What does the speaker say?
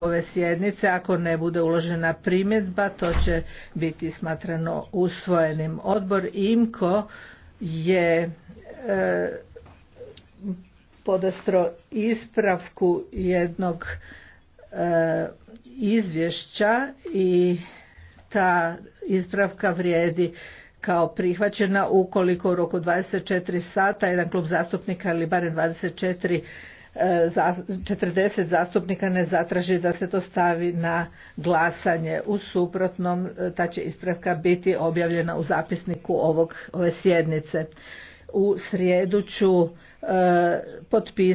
ove sjednice. Ako ne bude uložena primjedba, to će biti smatrano usvojenim. Odbor IMKO je e, podastro ispravku jednog e, izvješća i ta ispravka vrijedi kao prihvaćena ukoliko u roku 24 sata jedan klub zastupnika ili barem 24 40 eh, zastupnika ne zatraži da se to stavi na glasanje. U suprotnom eh, ta će ispravka biti objavljena u zapisniku ovog, ove sjednice. U srijedu ću eh, potpisati